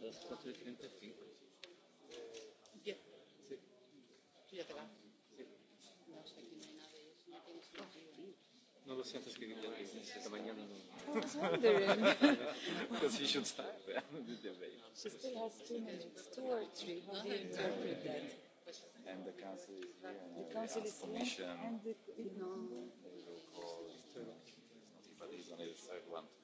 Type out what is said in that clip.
Los cuatro diferentes cinco. Ya. Sí. ¿Tú ya te vas? Sí. No sé, aquí no hay nada de eso. No tiene sentido. No lo siento escribir la business esta mañana. No. I was wondering. Because you should start with the way. She still has two minutes, two or three. How do you interpret that? And the council is here. And the council is commission. And the, no. They will call. But he's only the third one.